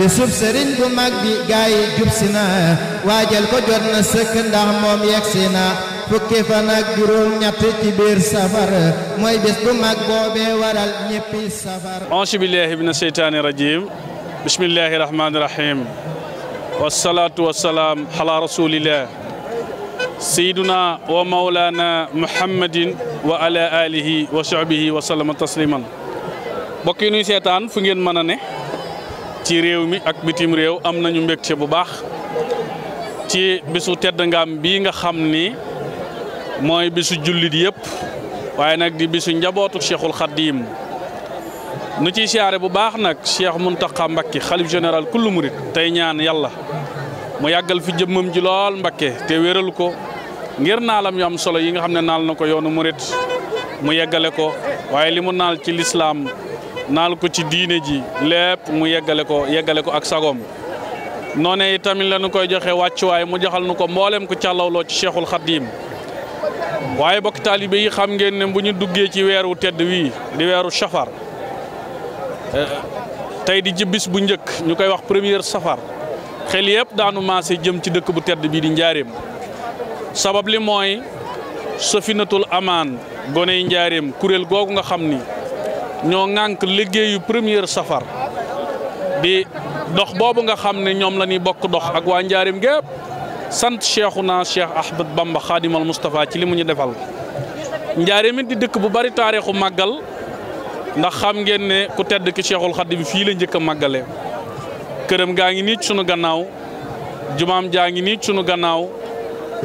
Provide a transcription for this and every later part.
bisub sëriñ bu mag bi gaay yi jub si na waajal ko jot na sëkk ndax moom yegg fukki fan ak juróom ñett safar mooy bés bu mag waral ñëppi safar anche billahi mina seytaani rajim bismillahi rahmaani rahim wasalaatu wasalaam ala rasulillah sayyiduna wa mawlana muhammadin wa ala alihi tasliman mbokk yi nuy seetaan fu mën a ne ci réew mi ak bitim réew am nañu mbégte bu baax ci bisu tedd bii nga xam ni mooy bisu jullit yëpp waaye nag di bisu njabootu cheikhul xaddiim nu ciy siyaare bu baax nag cheikh Muntaqa Mbakke xalif général kullu murit tey ñaan yàlla mu yàggal fi jëmmam ji lool Mbakke te wéral ko ngir naalam yu am solo yi nga xam ne naal na ko yoonu murit mu yeggale ko waaye li mu naal ci lislaam naal ko ci diine ji lépp mu yeggale ko yeggale ko ak sagoom noone itamit tamit ñu koy joxe wàccuwaay mu joxal nu ko mbooleem ko càllawloo ci cheikhul xadim waaye bokk taalibe yi xam ngeen ne bu ñu duggee ci weeru tedd wii di weeru safar eh, tey di ci bu njëkk ñu koy wax premier safar xel yëpp daanu maase jëm ci dëkk bu tedd bii di njaareem sabab li mooy sëfinatul amaan goney njaareem kuréel googu nga xam ni ñoo ŋànk liggéeyu première safar bi dox boobu nga xam ne ñoom la ñuy bokk dox ak waa njaarim gépp sant Cheikhouna Cheikh Ahmed Bamba Khadimal Moustapha ci li mu ñu defal njaarim it di dëkk bu bari taarixu màggal ndax xam ngeen ne ku tedd ki Cheikhul Khadim fii la njëkk a màggale këram gaa ngi nii ci sunu gannaaw jumaam jaa ngi nii sunu gannaaw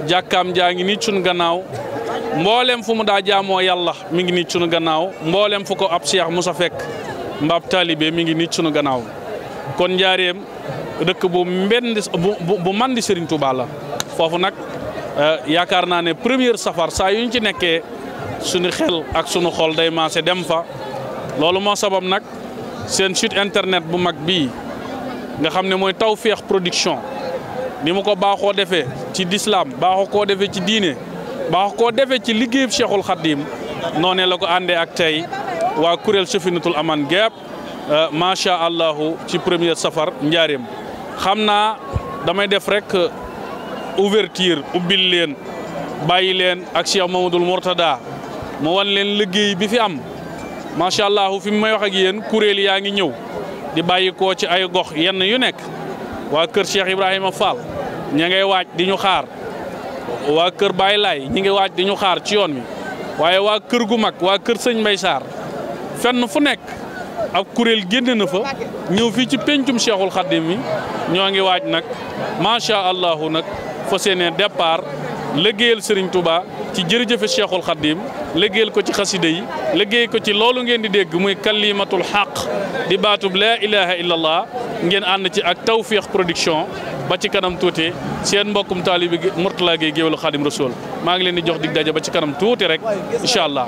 jàkkaam jaa ngi nii sunu gannaaw mboolem fu mu daa jaamoo yàlla mi ngi nit sunu gannaaw mboolem fu ko ab Cheikh Moussa fekk mbaab taalibe mi ngi nit sunu gannaaw kon njaareem dëkk bu mbenn bu bu man di Serigne Touba la foofu nag eh, yaakaar naa ne première safar saa yu ñu ci nekkee sunu xel ak sunu xol day maase dem fa loolu moo sabab nag seen suit internet bu mag bii nga xam ne mooy taw Tawfekh Production ni mu ko baaxoo defee ci lislaam baaxoo koo defee ci diine. ba koo defee ci liggéeyub Cheikhul Khadim noonee la ko àndee ak tey waa kuréel Safinatul Aman gépp euh, macha allah ci premier safar njaareem xam naa damay def rek euh, ouverture ubbil leen bàyyi leen ak Cheikh Mamadul Mourtada mu wan leen liggéey bi fi am macha allah fi may wax ak yéen kuréel yaa ngi ñëw di bàyyi koo ci ay gox yenn yu nekk waa kër Cheikh Ibrahima Fall ña ngay waaj di ñu xaar. waa kër Baye Laay ñi ngi waaj di ñu xaar ci yoon mi waaye waa kër gu mag waa kër sëñ Mbay Sarr fenn fu nekk ab kuréel génn na fa ñëw fii ci péncum Cheikhul Khadim mi ñoo ngi waaj nag macha allahu nag fa seenee départ liggéeyal Serigne Touba ci jërëjëfe Cheikhul Khadim liggéeyal ko ci xaside yi liggéey ko ci loolu ngeen di dégg muy kalimatul xaq di baatub la ilaha illallah ngeen ànd ci ak Tawfekh Production ba ci kanam tuuti seen mbokkum taalibi Mourtala Gueye géwélu Khadim Rasoul maa ngi leen di jox dig daje ba ci kanam tuuti rek incha allah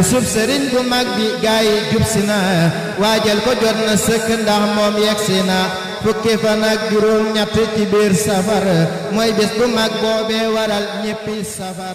bisub sëriñ bu mag bi gaay yi jub si na waajal ko jot na sëkk ndax moom yegsi na fukki fan ak juróom ñett ci safar mooy bis bu mag boobee waral ñéppi safar